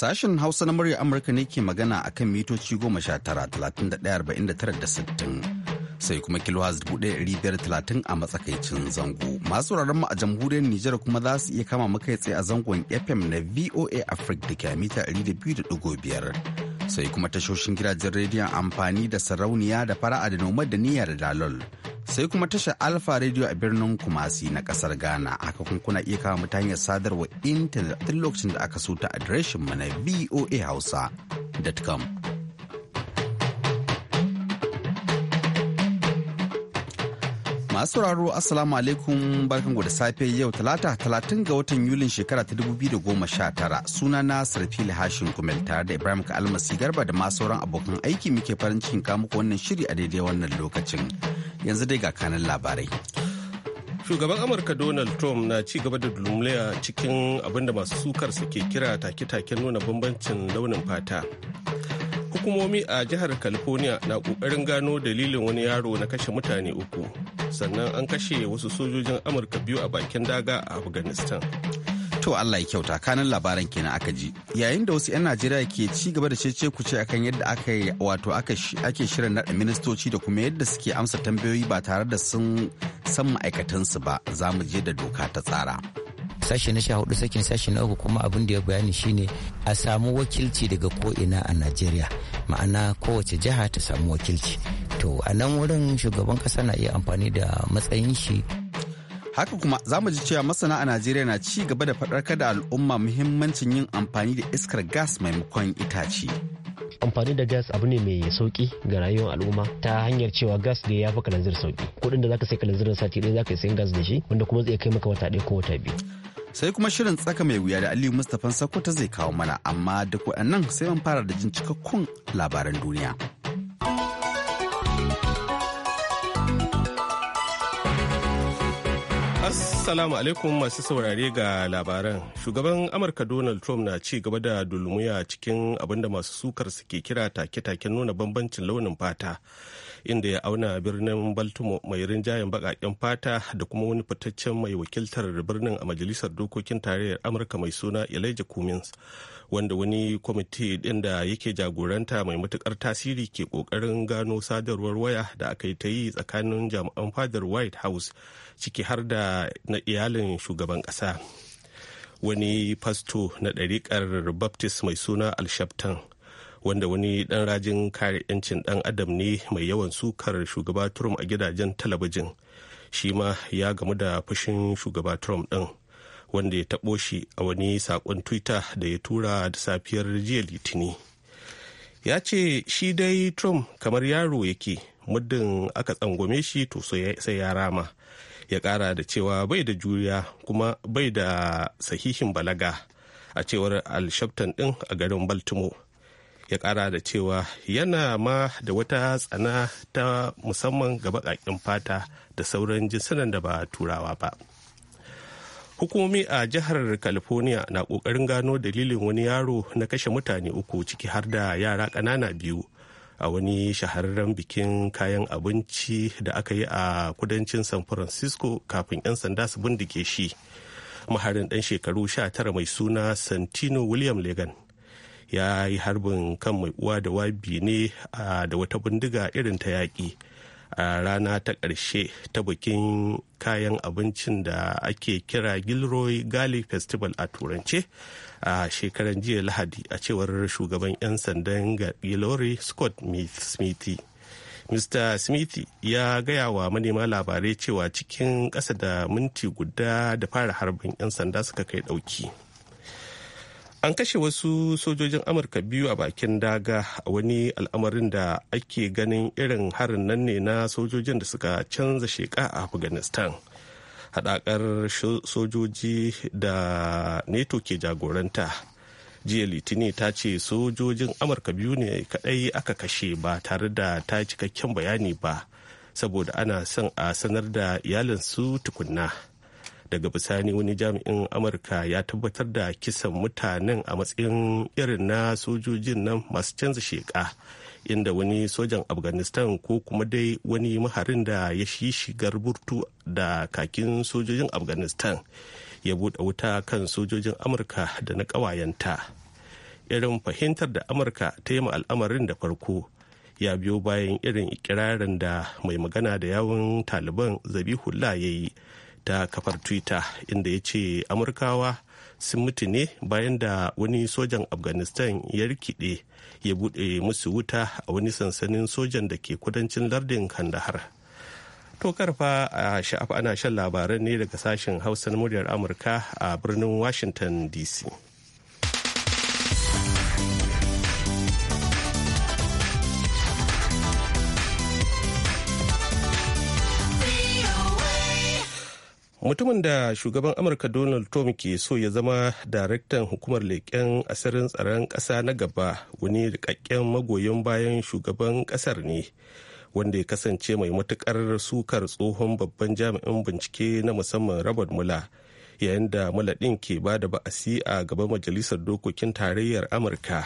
Sashen Hausa na murya Amurka ne ke magana a kan mitoci 19,31,49,60 sai kuma kilohaz 1,530 a matsakaicin zango. Masu mu a jamhuriyar Nijar kuma za su iya kama makai tsaye a zangon FM na VOA Africa da ke mita 200.5. Sai kuma tashoshin gidajen rediyon amfani da sarauniya da fara'a da noma da dalol. sai kuma tashar alfa radio a birnin kumasi na kasar ghana haka kun kuna iya kawo mutane hanyar sadarwa intanet tun lokacin da aka so ta adireshin mu na voa hausa.com masu sauraro assalamu alaikum barkan da safe yau talata talatin ga watan yulin shekara ta dubu biyu da goma sha tara suna na sarfili hashin kumel tare da ibrahim ka almasi garba da ma sauran abokan aiki muke farin cikin kamuka wannan shiri a daidai wannan lokacin yanzu dai ga kanan labarai shugaban amurka donald trump na ci gaba da dulmuliya cikin abinda masu sukar ke kira take-taken nuna bambancin launin fata hukumomi a jihar california na kokarin gano dalilin wani yaro na kashe mutane uku sannan an kashe wasu sojojin amurka biyu a bakin daga a afghanistan To Allah ya kyauta kanan labaran kenan aka ji. Yayin da wasu 'yan Najeriya ke ci gaba da cece ce akan yadda aka wato ake shirin naɗa ministoci da kuma yadda suke amsa tambayoyi ba tare da sun san ma'aikatansu ba za mu je da doka ta tsara. sashi na sha hudu sakin sashi na uku kuma abin da ya bayani shine a samu wakilci daga ko ina a Najeriya ma'ana kowace jiha ta samu wakilci. To a nan wurin shugaban kasa na iya amfani da matsayin shi haka kuma za mu ji cewa masana a najeriya na ci gaba da faɗarkar da al'umma muhimmancin yin amfani da iskar gas maimakon itace amfani da gas abu ne mai sauki ga rayuwar al'umma ta hanyar cewa gas da ya fi kalanzir sauki kuɗin da zaka sai kalanzir sati ɗaya zaka sayan gas da shi wanda kuma zai kai maka wata ɗaya ko wata biyu sai kuma shirin tsaka mai wuya da aliyu mustapha ta zai kawo mana amma duk waɗannan sai an fara da jin cikakkun labaran duniya. Assalamu alaikum masu saurare ga labaran. Shugaban Amurka Donald Trump na ci gaba da dulmuya cikin abinda masu sukar suke kira take-taken nuna bambancin launin fata, inda ya auna birnin Baltimore mai rinjayen bakaken fata da kuma wani fitaccen mai wakiltar birnin a Majalisar Dokokin Tarayyar Amurka mai suna Elijah Cummings. wanda wani kwamiti din da yake jagoranta mai matukar tasiri ke ƙoƙarin gano sadarwar waya da aka yi ta yi tsakanin jami'an fadar white house ciki har da na iyalin shugaban ƙasa wani fasto na ɗariƙar baptist mai suna alshaftan wanda wani ɗan rajin kare 'yancin ɗan adam ne mai yawan sukar shugaba trump a gidajen talabijin shi ma ya gamu da fushin shugaba trump ɗin wanda ya taɓo shi a wani saƙon twitter da ya tura da safiyar jiya litini ya ce shi dai trump kamar yaro yake muddin aka tsangwame shi to sai ya rama ya ƙara da cewa bai da juriya kuma bai da sahihin balaga a cewar alshaftan ɗin a garin baltimore ya ƙara da cewa yana ma da wata tsana ta musamman ga baƙaƙen fata da sauran jinsunan da ba turawa ba hukumomi a jihar california na kokarin gano dalilin wani yaro na kashe mutane uku ciki har da yara ƙanana biyu a wani shahararren bikin kayan abinci da aka yi a kudancin san francisco kafin 'yan sanda su bindike shi maharin dan shekaru 19 mai suna santino william legan ya yi harbin kan mai uwa da wabi ne da wata bindiga irin ta yaƙi a rana ta ƙarshe ta bikin kayan abincin da ake kira gilroy gali festival a turance a shekaran jiya lahadi a cewar shugaban 'yan sandan gilori scott smithy mr smithy ya gaya wa manema labarai cewa cikin ƙasa da minti guda da fara harbin 'yan sanda suka kai ɗauki. an kashe wasu sojojin amurka biyu a bakin daga a wani al'amarin da ake ganin irin harin nan ne na sojojin da suka canza sheka a afghanistan haɗakar sojoji da neto ke jagoranta jiya litini ta ce sojojin amurka biyu ne kaɗai aka kashe ba tare da ta cikakken bayani ba saboda ana son a sanar da iyalinsu tukunna. daga bisani wani jami'in amurka ya tabbatar da kisan mutanen a matsayin irin na sojojin nan masu canza sheka inda wani sojan afghanistan ko kuma dai wani maharin da ya shi shigar burtu da kakin sojojin afghanistan ya buɗe wuta kan sojojin amurka da na ƙawayenta irin fahimtar da amurka ta yi al'amarin da farko ya biyo bayan irin ikirarin da mai magana da yawon taliban zabihullah ya yi da kafar twitter inda ya ce amurkawa sun mutu ne bayan da wani sojan afghanistan ya rikide ya buɗe musu wuta a wani sansanin sojan da ke kudancin lardin kandahar to karfa a sha'af ana shan labaran ne daga sashen hausa muryar amurka a birnin washington dc mutumin da shugaban amurka donald trump ke so ya zama daraktan hukumar leƙen asirin tsaron ƙasa na gaba wani rikakken magoyin bayan shugaban ƙasar ne wanda ya kasance mai matukar sukar tsohon babban jami'in bincike na musamman robert mula yayin da mula ɗin ke ba da ba'asi a gaban majalisar dokokin tarayyar amurka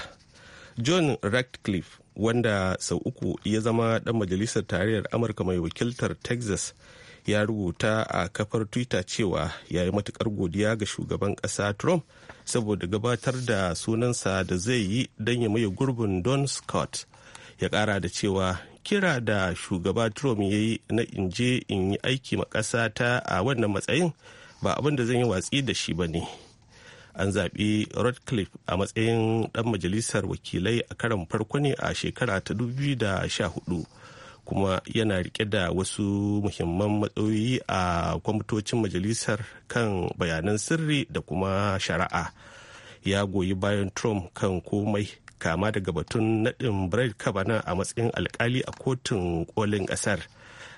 john ratcliffe wanda sau uku ya zama ɗan majalisar tarayyar amurka mai wakiltar texas ya rubuta a kafar twitter cewa ya yi matukar godiya ga shugaban kasa trump saboda gabatar da sunansa da zai yi don ya maye gurbin don scott ya kara da cewa kira da shugaba trump ya yi na inje in yi aiki ma ƙasa ta a wannan matsayin ba abin da zan yi watsi da shi ba ne an zaɓi Rodcliffe a matsayin ɗan majalisar wakilai a karan farko ne a shekara ta 2014 kuma yana rike da wasu muhimman matsayoyi a kwamitocin majalisar kan bayanan sirri da kuma shari'a ya goyi bayan trump kan komai kama daga batun nadin Brad kavanaugh a matsayin alkali a kotun kolin ƙasar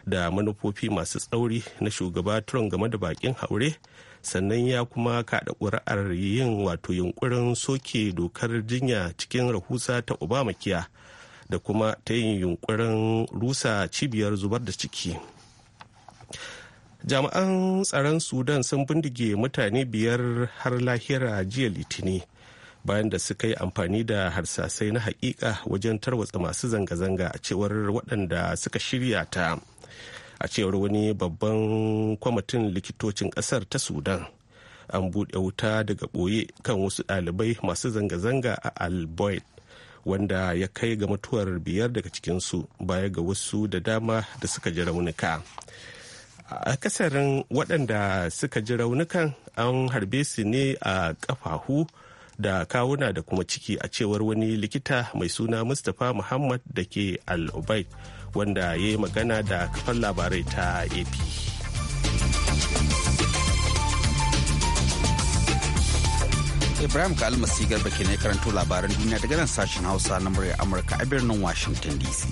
da manufofi masu tsauri na shugaba trump game da bakin haure sannan ya kuma kaɗa ƙuri'ar yin wato yunkurin soke dokar jinya cikin rahusa ta obamakiya kiya da kuma ta yin yunkurin rusa cibiyar zubar da ciki jami'an tsaron sudan sun bindige mutane biyar har lahira jiya litini bayan da suka yi amfani da harsasai na hakika wajen tarwatsa masu zanga-zanga a cewar waɗanda suka shirya ta a cewar wani babban kwamitin likitocin ƙasar ta sudan an buɗe wuta daga ɓoye kan wasu ɗalibai masu zanga-zanga a alboid wanda ya kai ga mutuwar biyar daga cikinsu baya ga wasu da dama da suka ji raunuka a kasarin waɗanda suka ji raunukan an harbe su ne a ƙafahu da kawuna da kuma ciki a cewar wani likita mai suna mustapha muhammad da ke al wanda ya yi magana da kafar labarai ta ap Ibrahim kalma sigar ke ne karanto labaran duniya daga nan sashen Hausa na murya Amurka a birnin Washington DC.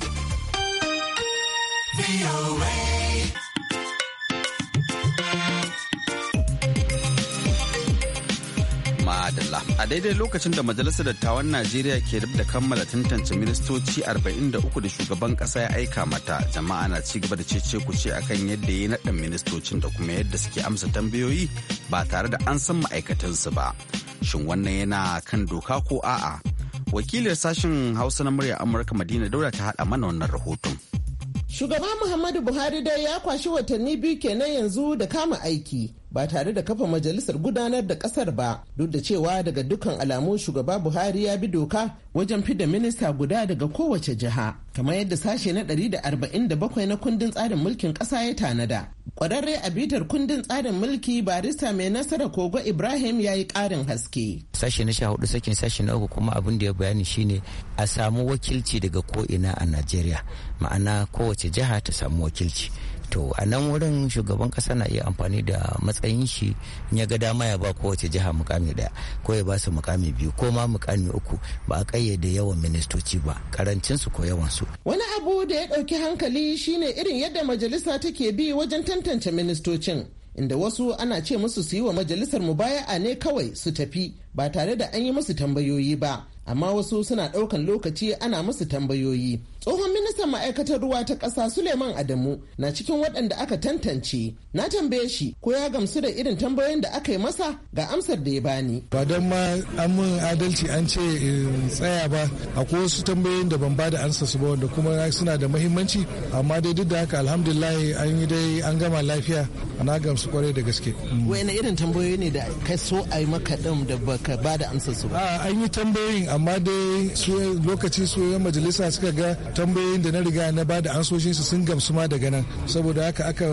adalla. a daidai lokacin da majalisar dattawan najeriya ke da kammala tantance ministoci 43 da shugaban kasa ya aika mata jama'a na ci gaba da cece ce akan yadda ya naɗin ministocin da kuma yadda suke amsa tambayoyi ba tare da an san ma'aikatansu ba shin wannan yana kan doka ko a'a wakilin sashen hausa na murya amurka madina daura ta haɗa mana wannan rahoton Shugaba Muhammadu Buhari dai ya kwashi watanni biyu kenan yanzu da kama aiki ba tare da kafa majalisar gudanar da kasar ba duk da cewa daga dukkan alamu shugaba buhari ya bi doka wajen fida minista guda daga kowace jiha kamar yadda sashe na 147 na kundin tsarin mulkin kasa ya tanada kwararre a bitar kundin tsarin mulki barista mai nasara kogo ibrahim ya yi karin haske sashe na sha hudu sakin sashe na uku kuma abin da ya bayani shine a samu wakilci daga ko ina a najeriya ma'ana kowace jiha ta samu wakilci to a nan wurin shugaban kasa na iya amfani da matsayin shi ya ga dama ya ba kowace jiha mukami daya ko ya ba su mukami biyu ko ma mukami uku ba a kayyade yawan ministoci ba karancin su ko yawan su wani abu da ya dauki hankali shine irin yadda majalisa take bi wajen tantance ministocin inda wasu ana ce musu su yi wa majalisar mu mubaya'a ne kawai su tafi ba tare da an yi musu tambayoyi ba amma wasu suna ɗaukan lokaci ana musu tambayoyi. Tsohon ministan ma'aikatar ruwa ta ƙasa Suleiman Adamu na cikin waɗanda aka tantance. Na tambaye shi ko ya gamsu da irin tambayoyin da aka yi masa ga amsar da ya bani. Ba don ma an mun adalci an ce in tsaya ba akwai wasu tambayoyin da ban ba da ansa su ba wanda kuma suna da mahimmanci amma dai duk da haka alhamdulillah an yi dai an gama lafiya na gamsu kwarai da gaske. Wai na irin tambayoyi ne da ka so a yi maka ɗin da baka ba da amsa su ba. An yi tambayoyin amma dai lokaci su majalisa suka ga tambayoyin da na riga na bada ansoshin su sun gamsu ma daga nan saboda haka aka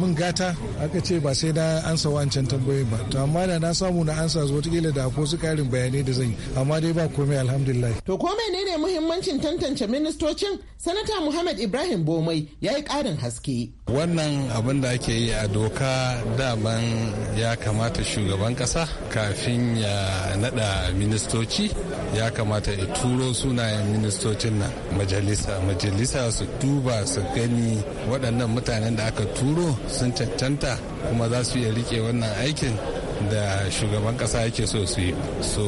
mun gata aka ce ba sai na ansa wancan tambayoyin ba to amma da na samu na ansa zuwa kila da ko su karin bayanai da zan yi amma dai ba komai alhamdulillah to ko menene muhimmancin tantance ministocin Sanata Muhammad Ibrahim Bomai ya yi ƙarin haske. Wannan abin da ake yi a doka daman ya kamata shugaban kasa kafin ya nada ministoci ya kamata ya turo sunayen ministocin nan majalisa majalisa su duba su gani waɗannan mutanen da aka turo sun cancanta kuma za su iya rike wannan aikin da shugaban kasa yake so su yi so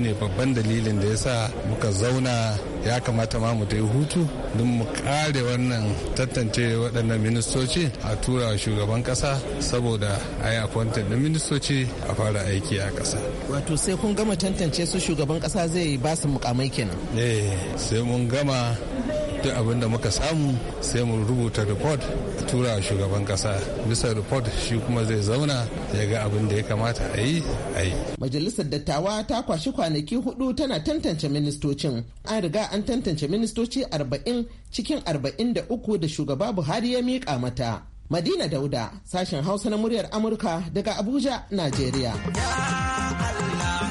ne babban dalilin da ya sa muka zauna ya kamata ma mu yi hutu don mu kare wannan tantance waɗannan ministoci a tura wa shugaban kasa saboda a yi akwantar da ministoci a fara aiki a kasa wato sai kun gama tantance su shugaban kasa zai ba su mukamai kenan eh sai mun gama duk abin da muka samu sai mu rubuta report tura shugaban kasa bisa report shi kuma zai zauna ya ga abin da ya kamata a yi a yi majalisar dattawa ta kwashi kwanaki hudu tana tantance ministocin an riga an tantance ministoci arba'in cikin arba'in da uku da shugaba buhari ya miƙa mata madina dauda sashen hausa na muryar amurka daga abuja najeriya ya Allah,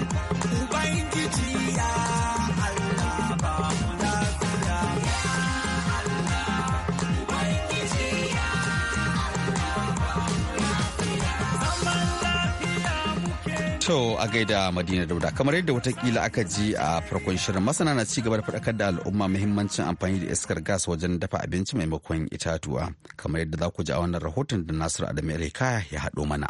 To a gaida Madina Dauda kamar yadda watakila aka ji a farkon shirin masana na ci gaba da faɗakar da al'umma muhimmancin amfani da iskar gas wajen dafa abinci maimakon itatuwa kamar yadda za ku ji a wannan rahoton da Nasiru Adamu ya haɗo mana.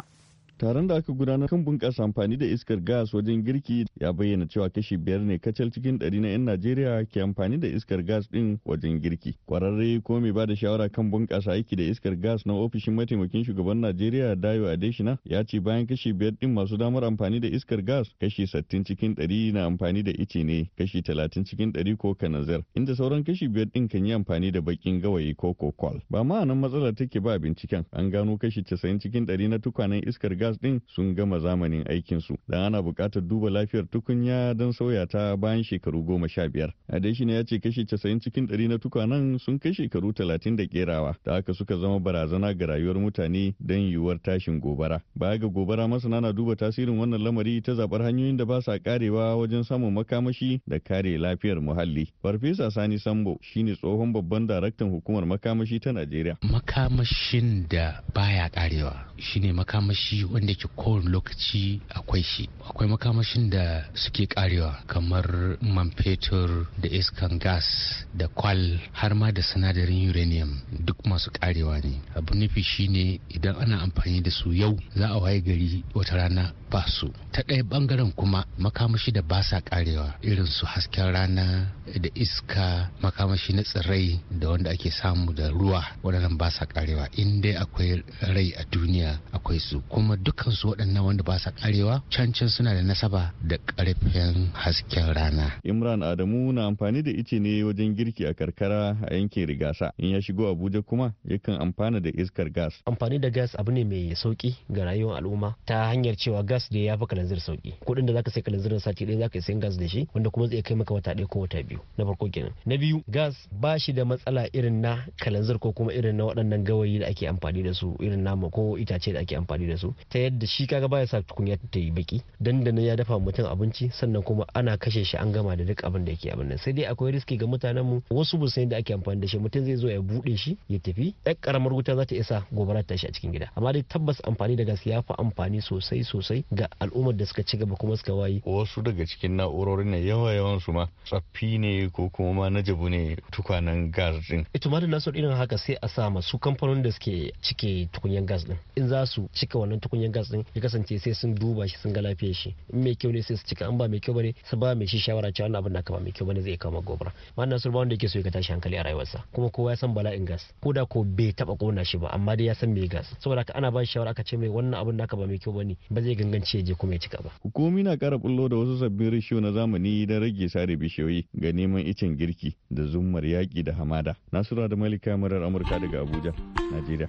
taron da aka gudanar kan bunƙasa amfani da iskar gas wajen girki ya bayyana cewa kashi biyar ne kacal cikin ɗari na 'yan najeriya ke amfani da iskar gas ɗin wajen girki kwararre ko mai ba da shawara kan bunƙasa aiki da iskar gas na ofishin mataimakin shugaban najeriya dayo adeshina ya ce bayan kashi biyar ɗin masu damar amfani da iskar gas kashi sittin cikin ɗari na amfani da ice ne kashi talatin cikin ɗari ko kanazar inda sauran kashi biyar ɗin kan yi amfani da baƙin gawayi ko kokwal ba ma'anan matsala matsalar take ba binciken an gano kashi casa'in cikin ɗari na tukwanen iskar gas ɗin sun gama zamanin aikinsu da ana buƙatar duba lafiyar tukunya don sauya ta bayan shekaru goma sha biyar. Adeshina ya ce kashi casa'in cikin ɗari na tukwanan sun kai shekaru talatin da ƙerawa da haka suka zama barazana ga rayuwar mutane don yiwuwar tashin gobara. Baya ga gobara masana na duba tasirin wannan lamari ta zabar hanyoyin da ba sa karewa wajen samun makamashi da kare lafiyar muhalli. Farfesa Sani Sambo shine tsohon babban daraktan hukumar makamashi ta Najeriya. Makamashin da baya ƙarewa shine makamashi wanda ke kowane lokaci akwai shi akwai makamashin da suke karewa kamar man fetur da iskan gas da kwal har ma da sinadarin uranium duk masu karewa ne abu nufi shine idan ana amfani da su yau za a waye gari wata rana ba su ta ɗaya bangaren kuma makamashi da ba sa karewa irin su hasken rana da iska makamashi na tsirrai da wanda ake samu da ruwa waɗannan ba sa karewa in dai akwai rai a duniya akwai su kuma dukansu waɗannan wanda ba sa karewa cancan suna da nasaba da ƙarfin hasken rana. Imran Adamu na amfani da ice ne wajen girki a karkara a yankin rigasa in ya shigo Abuja kuma yakan amfana da iskar gas. Amfani da gas abu ne mai sauki ga rayuwar al'umma ta hanyar cewa gas da ya fi kalanzir sauki. Kuɗin da zaka sai kalanzir sati ɗaya zaka sayan gas da shi wanda kuma zai kai maka wata ɗaya ko wata biyu na farko kenan. Na biyu gas ba shi da matsala irin na kalanzir ko kuma irin na waɗannan gawayi da ake amfani da su irin nama ko itace da ake amfani da su ta yadda shi kaga baya sa tukunya ta yi baki dandanan ya dafa mutum abinci sannan kuma ana kashe shi an gama da duk abin da yake abin nan sai dai akwai riski ga mutanen mu wasu bu da ake amfani da shi mutum zai zo ya bude shi ya tafi ɗan karamar wuta za ta isa gobara ta shi a cikin gida amma dai tabbas amfani da gas ya fi amfani sosai sosai ga al'ummar da suka ci gaba kuma suka wayi wasu daga cikin na'urorin ne yawa yawan su ma tsaffi ne ko kuma ma na jabu ne tukwanen gas din ita ma da nasu irin haka sai a sa masu kamfanonin da suke cike tukunyan gas din in za su cika wannan tukunyan danyen gas din ya kasance sai sun duba shi sun ga lafiyar shi in mai kyau ne sai su cika an ba mai kyau bane sai ba mai shi shawara cewa wannan abin da ba mai kyau bane zai kama gobara wannan surba wanda yake so ya tashi hankali a rayuwarsa kuma kowa ya san bala'in gas ko da ko bai taba kona shi ba amma dai ya san mai gas saboda haka ana ba shi shawara aka ce mai wannan abin da ba mai kyau bane ba zai ganganci ya je kuma ya cika ba hukumomi na kara bullo da wasu sabbin rishiyo na zamani don rage sare bishiyoyi ga neman icen girki da zummar yaki da hamada nasura da malika murar amurka daga abuja najeriya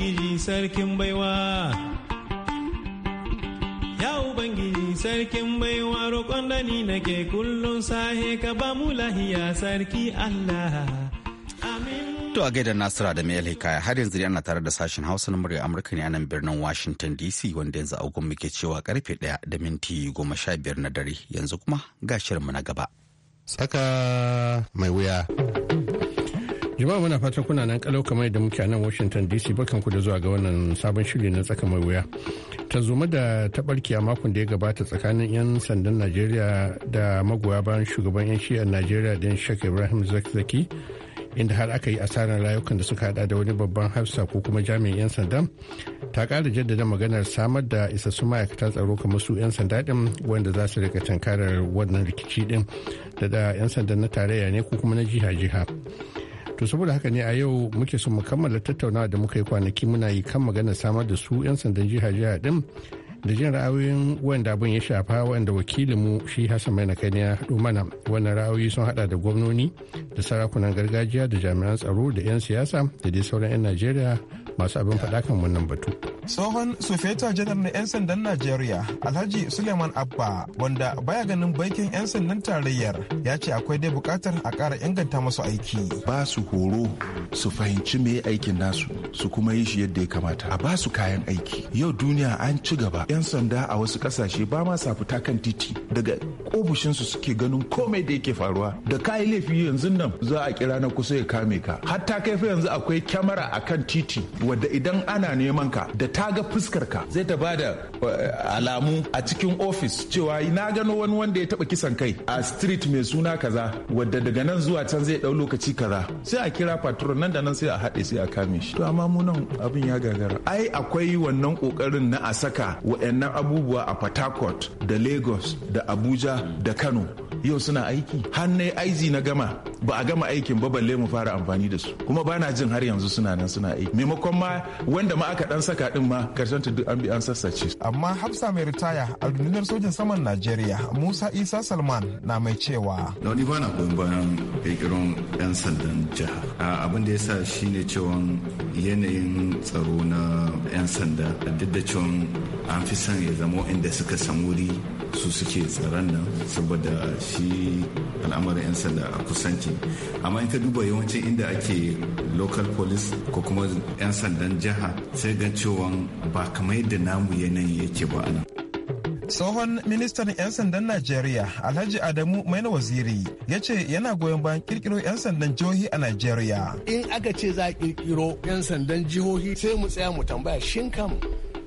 Ubangiji sarkin baiwa. Ya Ubangiji sarkin baiwa roƙon da ni nake kullum sahe ka ba mu lahiya sarki Allah. To a gaida Nasira da Mel Hikaya har yanzu ana tare da sashen Hausa na murya Amurka ne a nan birnin Washington DC wanda yanzu agun muke cewa karfe ɗaya da minti goma sha biyar na dare yanzu kuma ga shirinmu na gaba. Saka mai wuya. jama'a muna fatan kuna nan kalau kamar da muke a nan washington dc barkanku da zuwa ga wannan sabon shiri na tsaka mai wuya zuma da ta barki a makon da ya gabata tsakanin 'yan sandan najeriya da magoya bayan shugaban 'yan shi'ar najeriya din shek ibrahim zakzaki inda har aka yi asarar rayukan da suka hada da wani babban hafsa ko kuma jami'in 'yan sanda ta kara jaddada maganar samar da isassu ma'aikatan tsaro kamar su 'yan sanda din wanda za su rika tankarar wannan rikici din da da 'yan sanda na tarayya ne ko kuma na jiha-jiha to saboda haka ne a yau muke so mu kammala tattaunawa da muka yi kwanaki muna yi kan magana samar da su 'yan sandan jiha jiha din da jin ra'ayoyin wanda abin ya shafa wanda wakilinmu shi hassan mai kai ya haɗo mana wannan ra'ayoyi sun haɗa da gwamnoni da sarakunan gargajiya da jami'an tsaro da 'yan siyasa da dai sauran 'yan najeriya masu abin faɗa kan wannan batu. tsohon sufeta janar na 'yan sandan najeriya alhaji suleiman abba wanda baya ganin baikin 'yan sandan tarayyar ya ce akwai dai bukatar a kara inganta masu aiki ba su horo su fahimci me aikin nasu su kuma yi shi yadda ya kamata a ba su kayan aiki yau duniya an ci gaba 'yan sanda a wasu ƙasashe ba ma sa fita kan titi daga ofishinsu suke ganin komai da yake faruwa da kayi laifi yanzu nan za a kira na kusa ya kame ka hatta kai fa yanzu akwai kyamara a kan titi wadda idan ana neman ka da ta ga fuskar ka zai ta bada eh, alamu a cikin ofis cewa na gano wani wanda ya taba kisan kai a street mai suna kaza wadda daga nan zuwa can zai dau lokaci kaza sai a kira patron nan da nan sai a haɗe sai a kame shi to amma mu nan abin ya gagara ai akwai wannan kokarin na a saka waɗannan abubuwa a Port da Lagos da Abuja da Kano yau suna aiki har na aizi na gama ba a gama aikin ba balle mu fara amfani da su kuma bana jin har yanzu suna nan suna aiki maimakon ma wanda ma aka dan saka din ma karshen duk an bi an sassace amma hafsa mai ritaya a rundunar sojan saman najeriya musa isa salman na mai cewa da wani bana koyon bayan kirkiron yan sandan jiha abin da ya sa shine cewa yanayin tsaro na yan sanda duk da cewa an fi son ya zama inda suka san wuri su suke tsaron nan saboda shi al'amarin 'yan sanda a kusanci amma in ka duba yawancin inda ake local police ko kuma 'yan sandan jiha sai ga cewa ba kamar yadda namu yanayi yake ba nan tsohon ministan 'yan sandan najeriya alhaji adamu maina waziri ya ce yana goyon bayan kirkiro 'yan sandan jihohi a najeriya in aka ce za a kirkiro 'yan sandan jihohi sai mu tsaya mu tambaya shin kam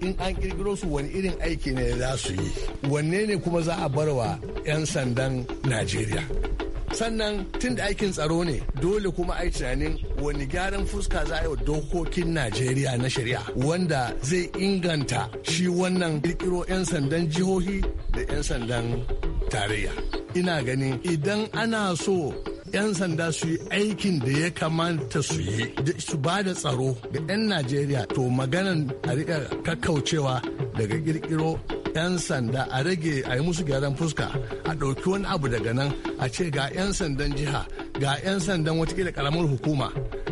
in an kirkiro su wani irin aiki ne za su yi wanne ne kuma za a barwa 'yan sandan najeriya sannan tun da aikin tsaro ne dole kuma a yi tunanin wani gyaran fuska za a yi wa dokokin najeriya na shari'a wanda zai inganta shi wannan kirkiro 'yan sandan jihohi da 'yan sandan tarayya ina ganin idan ana so 'yan sanda su yi aikin da ya kamata su yi su ba da tsaro ga 'yan najeriya to maganan a riƙa kakkaucewa daga ƙirƙiro 'yan sanda a rage a yi musu gyaran fuska a ɗauki wani abu daga nan a ce ga 'yan sandan jiha ga 'yan sandan wata watakila karamar hukuma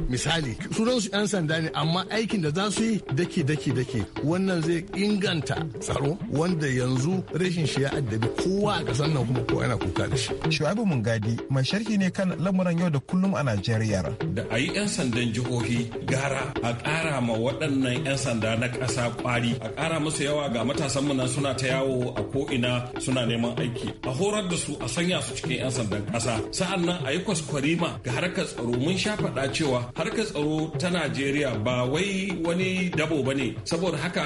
misali sunansu 'yan sanda ne amma aikin da za su yi daki daki daki wannan zai inganta tsaro wanda yanzu rashin shi ya addabi kowa a ƙasar nan kuma kowa yana kuka da shi. Shu'aibu gadi mai sharhi ne kan lamuran yau da kullum a Najeriya. Da a yi 'yan sandan jihohi gara a ƙara ma waɗannan 'yan sanda na ƙasa ƙwari a ƙara musu yawa ga matasan mu nan suna ta yawo a ko'ina suna neman aiki a horar da su a sanya su cikin 'yan sandan ƙasa sa'an a yi kwasu kwarima ga harkar tsaro mun sha faɗa cewa harkar tsaro ta najeriya ba wai wani dabo ba ne saboda haka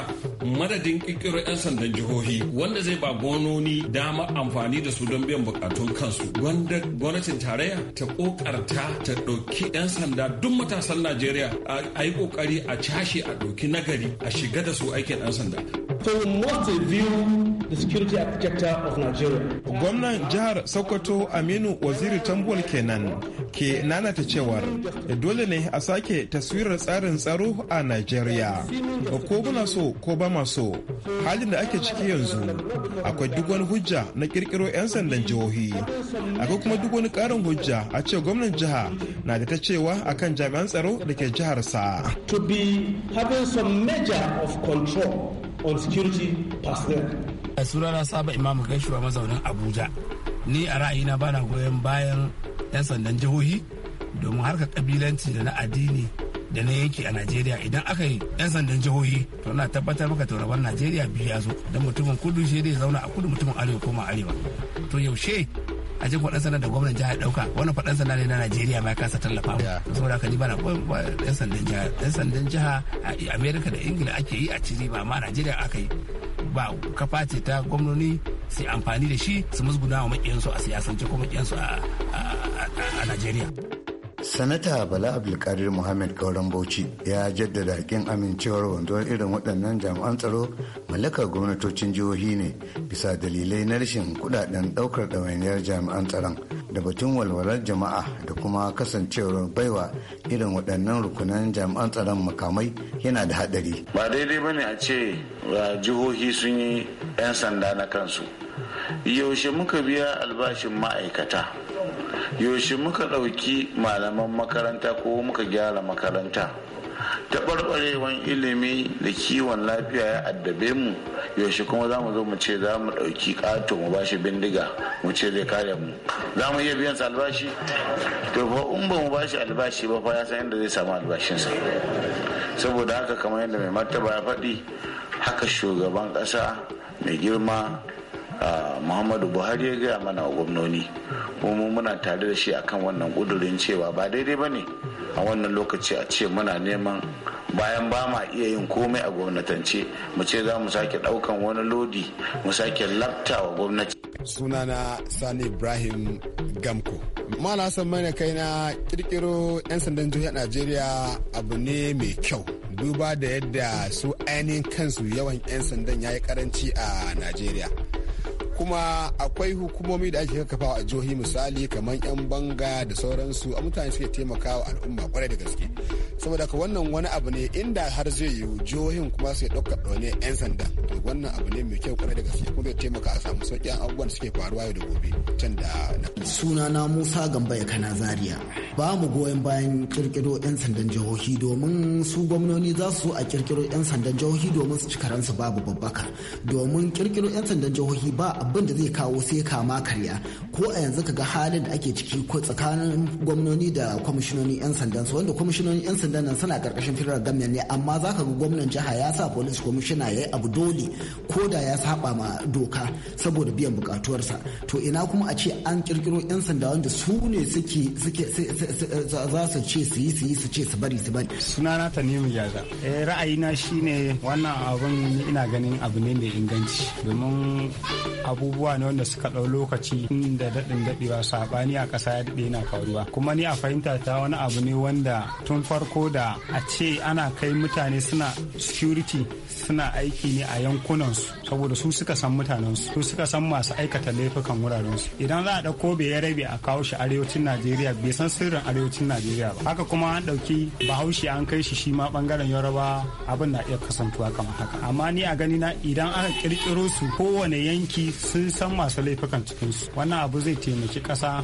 madadin ƙirƙiro 'yan sandan jihohi wanda zai ba gononi dama amfani da su don biyan bukatun kansu wanda gwamnatin tarayya ta kokarta ta ɗauki 'yan sanda duk matasan najeriya a yi kokari a cashe a ɗauki nagari a shiga da su aikin 'yan sanda So we must review the security architecture of Nigeria. Gwamnan jihar Sokoto Aminu Waziri Tambol kenan ke nanata cewar dole ne a sake taswirar tsarin tsaro a Najeriya. Ko muna so ko ba maso halin da ake ciki yanzu akwai duk wani hujja na kirkiro 'yan sandan jihohi. Akwai kuma duk wani karin hujja a ce gwamnan jiha na da ta cewa akan jami'an tsaro da ke sa. To be having some measure of control on security personnel. Eh, sunana Saba Imam Gaishuwa mazaunin Abuja. Ni a ra'ayina bana goyon bayan 'yan sandan jihohi domin harkar kabilanci da na addini da na yanki a najeriya idan aka yi 'yan sandan jihohi to na tabbatar maka tauraron najeriya biyu ya zo don mutumin kudu shi zai zauna a kudu mutumin arewa koma arewa to yaushe a jin faɗan sanar da gwamnan jihar ɗauka wani faɗan sana ne na najeriya ma ya kasa tallafa mu saboda haka ni bana ko 'yan sandan jiha 'yan sandan jiha a amerika da ingila ake yi a ciri ba ma najeriya aka yi ba kafa ce ta gwamnoni su amfani da shi su musguna wa makiyansu a siyasance ko makiyansu a Najeriya. Sanata Bala Abdulkadir Muhammad Gauran Bauchi ya jaddada hakin amincewar wanzuwar irin waɗannan jami'an tsaro mallakar gwamnatocin jihohi ne bisa dalilai na rashin kudaden ɗaukar ɗawainiyar jami'an tsaron. da batun walwalar jama'a da kuma kasancewar baiwa irin waɗannan rukunan jami'an tsaron makamai yana da haɗari. Ba daidai bane a ce jihohi sun yi 'yan sanda na kansu. Yaushe muka biya albashin ma'aikata. Yaushe muka ɗauki malaman makaranta ko muka gyara makaranta. taɓarɓarewan ilimi da kiwon lafiya ya addabe mu yaushe kuma za mu zo mu ce za mu ɗauki ƙato mu bashi bindiga mu ce zai kare mu za mu iya biyan su albashi to fa in ba mu bashi albashi ba fa ya san yadda zai samu albashinsa saboda haka kamar yadda mai martaba ya faɗi haka shugaban ƙasa mai girma muhammadu buhari ya gaya mana gwamnoni kuma muna tare da shi akan wannan ƙudurin cewa ba daidai ba ne a wannan lokaci a ce muna neman bayan ba ma iya yin komai a gwamnatance mu ce za mu sake daukan wani lodi mu sake wa gwamnati sunana sani ibrahim gamko mana san mana kai na kirkiro 'yan sandan jihar najeriya abu ne mai kyau duba da yadda su ainihin kansu yawan 'yan sandan ya yi karanci a najeriya kuma akwai hukumomi da ake kafa a jihohi misali kamar yan banga da sauransu a mutane suke taimakawa al'umma kwarai da gaske saboda ka wannan wani abu ne inda har zai yi jihohin kuma su ɗaukar ɗaune yan sanda to wannan abu ne mai kyau kwarai da gaske kuma zai taimaka a samu sauƙin abubuwan suke faruwa yau da gobe can da sunana musa gambaya ya kana zaria ba mu goyon bayan kirkiro yan sandan jihohi domin su gwamnoni za su a kirkiro yan sandan jihohi domin su ci karansu babu babbaka domin kirkiro yan sandan jihohi ba abin da zai kawo sai kama karya ko a yanzu ka ga halin da ake ciki ko tsakanin gwamnoni da kwamishinonin 'yan sandan wanda kwamishinonin 'yan sandan nan suna karkashin firar gwamnan ne amma za ka ga gwamnan jiha ya sa police commissioner ya yi abu dole ko da ya saba ma doka saboda biyan bukatuwarsa to ina kuma a ce an kirkiro 'yan sanda wanda su ne suke za su ce su yi su yi su ce su bari su bari sunana tanimu jaza eh, ra'ayina shine wannan abun ina ganin abu ne mai inganci domin abubuwa ne wanda suka ɗau lokaci da daɗin daɗewa saɓani a ƙasa ya daɗe na faruwa kuma ni a fahimta ta wani abu ne wanda tun farko da a ce ana kai mutane suna security suna aiki ne a yankunansu saboda su suka san mutanensu su suka san masu aikata laifukan wurarensu idan za a ɗauko bai ya rabe a kawo shi arewacin najeriya bai san sirrin arewacin najeriya ba haka kuma an ɗauki bahaushe an kai shi shi ma ɓangaren yaraba abin na iya kasantuwa kamar haka amma ni a gani na idan aka ƙirƙiro su kowane yanki sun san masu laifukan cikinsu wannan abu zai taimaki ƙasa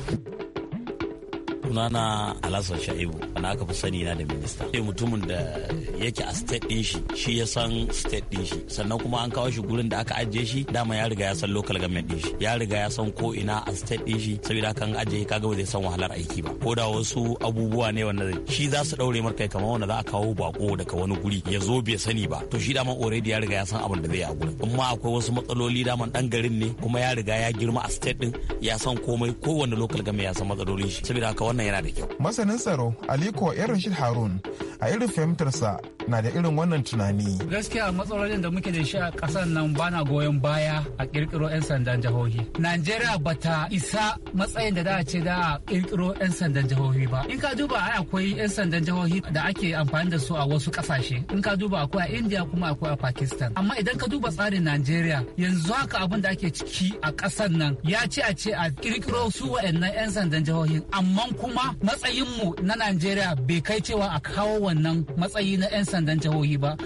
sunana alhassan sha'ibu na aka fi sani na da minista sai mutumin da yake a state din shi shi ya san state din shi sannan kuma an kawo shi gurin da aka ajiye shi dama ya riga ya san local government din shi ya riga ya san ko ina a state din shi saboda kan ajiye kaga ba zai san wahalar aiki ba ko da wasu abubuwa ne wannan shi za su daure markai kamar wanda za a kawo bako daga wani guri ya zo bai sani ba to shi dama already ya riga ya san abin da zai yi a amma akwai wasu matsaloli daman dan garin ne kuma ya riga ya girma a state din ya san komai kowanne local government ya san matsalolin shi saboda haka wannan yana da kyau masanin tsaro aliko yan harun a irin fahimtarsa na da irin wannan tunani gaskiya matsalolin da muke da shi a ƙasar nan bana goyon baya a kirkiro 'yan sandan jihohi najeriya bata isa matsayin da da ce da a kirkiro 'yan sandan jihohi ba in ka duba ai akwai 'yan sandan jihohi da ake amfani da su a wasu ƙasashe in ka duba akwai a india kuma akwai a pakistan amma idan ka duba tsarin najeriya yanzu haka abin da ake ciki a ƙasar nan ya ce a ce a kirkiro su wa'annan 'yan sandan jihohi amma kuma kuma matsayinmu na najeriya bai kai cewa a kawo wannan matsayi na 'yan sandan jihohi ba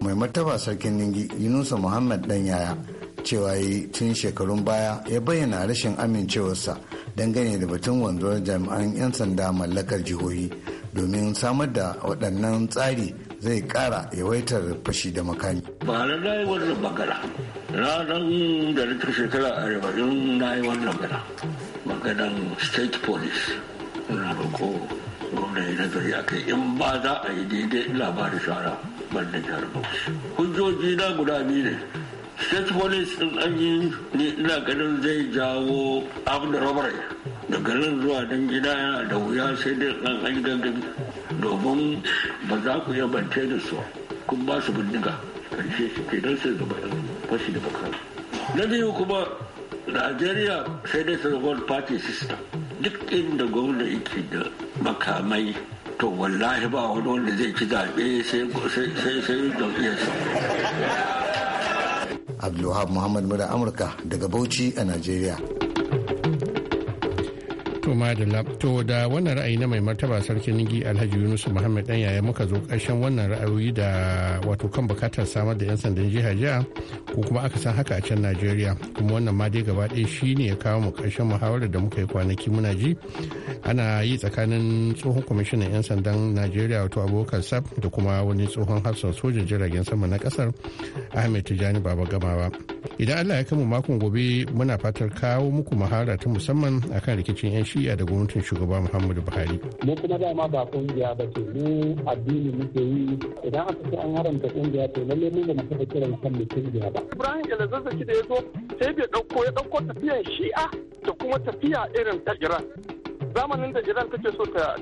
mai martaba sarkin ningi yunusa muhammad dan yaya cewa yi tun shekarun baya ya bayyana rashin amincewarsa dangane da batun wanzuwar jami'an 'yan sanda mallakar jihohi domin samar da waɗannan tsari zai kara yawaitar fashi da makami. ba na na yi wannan magana da na shekara arba'in na yi wannan magana maganan state police na ko wanda ya nazari a kai in ba za a yi daidai ina ba da shara ban da jihar bauchi hujjoji na guda biyu ne state police in an yi ne ina ganin zai jawo abin da rabarai da garin zuwa don gida yana da wuya sai dai ɗan an gangan domin ba za ku bance da su kun ba su bindiga ƙarshe shi ke don sai zuba fashi da bakar na biyu kuma najeriya sai dai sun world party system duk inda gwamna yake da makamai to wallahi ba wani wanda zai ci zaɓe sai sai sa Abdulwahab Muhammad Mura Amurka daga Bauchi a Najeriya. To madalla to da wannan ra'ayi na mai martaba sarkin ningi Alhaji yunusu Muhammad dan yaya muka zo ƙarshen wannan ra'ayoyi da wato kan bukatar samar da 'yan sandan jiha jiya ko kuma aka san haka a can Najeriya kuma wannan ma dai gaba ɗaya shi ne ya kawo mu ƙarshen muhawarar da muka yi kwanaki muna ji ana yi tsakanin tsohon kwamishinan 'yan sandan Najeriya wato abokan sab da kuma wani tsohon hafsan sojan jiragen sama na ƙasar Ahmed Tijani Baba Gamawa. idan allah ya kama makon gobe muna fatar kawo muku mahara ta musamman akan rikicin 'yan shi'a da gwamnatin shugaba muhammadu buhari mu kuma dama ba kungiya ba ce mu addini muke yi idan aka ce an haramta kungiya to lalle mun ba mu taɓa kiran kan mu kungiya ba ibrahim yalazazzaki da ya zo sai bai ɗauko ya ɗauko tafiyan shi'a da kuma tafiya irin ta iran zamanin da iran take so ta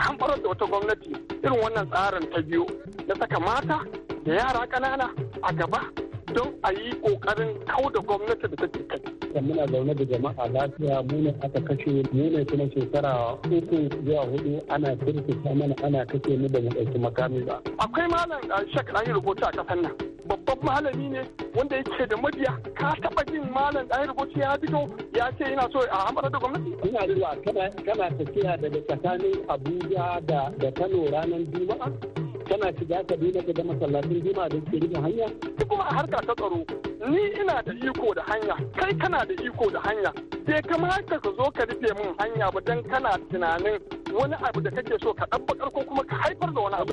hamfarar da wata gwamnati irin wannan tsarin ta biyu na saka mata da yara ƙanana a gaba don a yi kokarin kau da gwamnati da take kai. Kan muna zaune da jama'a lafiya mu ne aka kashe mu ne kuma shekara uku zuwa hudu ana kirkisa mana ana kashe mu da mu ɗauki makami ba. Akwai malam uh, Shek an yi rubutu a kasan nan. Babban malami ne wanda yake da mabiya ka taɓa jin malam yi rubutu ya fito ya ce yana so a hamɓarar da gwamnati. Ina zuwa kana tafiya daga tsakanin Abuja da Kano ranar Juma'a. kana shiga ka bi ka ga masallacin jima da ke rufe hanya kuma a harka ta tsaro ni ina da iko da hanya kai kana da iko da hanya bai kamata ka zo ka rufe min hanya ba dan kana tunanin wani abu da kake so ka dabbakar ko kuma ka haifar da wani abu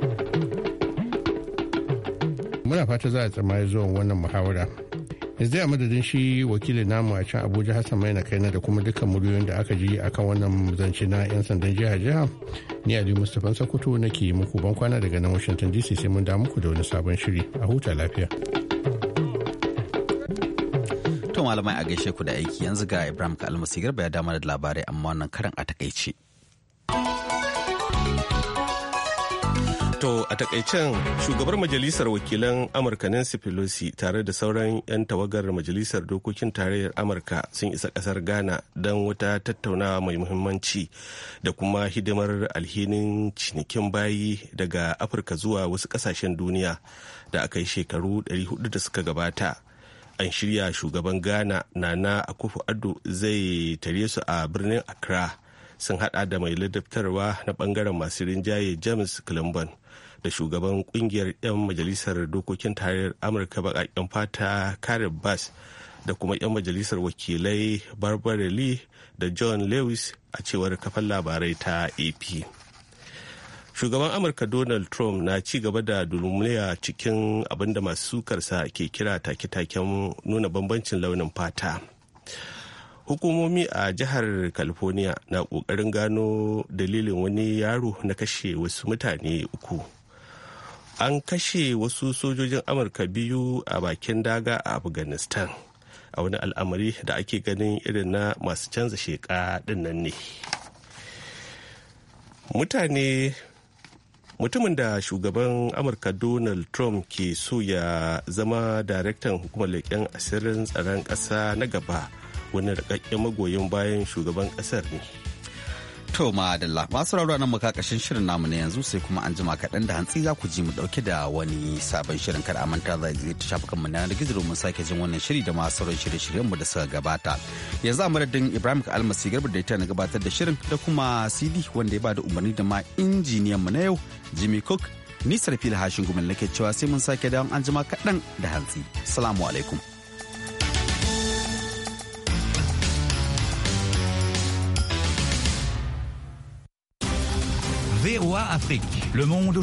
muna fata za a tsamaya zuwan wannan muhawara yanzu a madadin shi wakilin namu a can abuja hassan maina na da kuma dukkan muryoyin da aka ji akan wannan zance na yan sandan jiha jiha ni ali mustapha sakoto nake muku ban kwana daga nan washington dc sai mun da muku da wani sabon shiri a huta lafiya to malamai a gaishe ku da aiki yanzu ga ibrahim ka garba ya dama da labarai amma wannan karan a takaice To a takaicen shugabar majalisar wakilan Amurka Nancy Pelosi tare da sauran 'yan tawagar majalisar dokokin tarayyar Amurka sun isa kasar Ghana don wata tattaunawa mai muhimmanci da kuma hidimar alhinin cinikin bayi daga Afirka zuwa wasu kasashen duniya da aka yi shekaru 400 da suka gabata. An shirya shugaban Ghana na na Akufu Addo zai tare su a birnin Accra. sun hada da mai ladabtarwa na bangaren masu rinjaye james clinton da shugaban kungiyar 'yan majalisar dokokin tarayyar amurka baƙaƙen fata karen bass da kuma 'yan majalisar wakilai barbara lee da john lewis a cewar kafan labarai ta ap shugaban amurka donald trump na ci gaba da dulmuliya cikin abinda masu sukarsa ke kira take-taken nuna bambancin launin fata hukumomi a jihar california na kokarin gano dalilin wani yaro na kashe wasu mutane uku an kashe wasu sojojin amurka biyu a bakin daga a afghanistan a wani al'amari da ake ganin irin na masu canza sheka dinnan ne mutane mutumin da shugaban amurka donald trump ke so ya zama daraktan hukumar leƙen asirin tsaron ƙasa na gaba wani rikakken magoyin bayan shugaban kasar ne to madalla masu raura nan makakashin shirin namu ne yanzu sai kuma an jima kaɗan da hantsi za ku ji mu ɗauki da wani sabon shirin kada a manta za a ta shafukan mu na yanar gizo domin sake jin wannan shiri da masu sauran shirye-shiryen mu da suka gabata yanzu a madadin ibrahim almasi garba da ita na gabatar da shirin da kuma cd wanda ya ba da umarni da ma injiniyan mu na yau jimmy cook nisar fili hashin gumin nake cewa sai mun sake dawon an jima kaɗan da hantsi salamu alaikum VOA Afrique. Le monde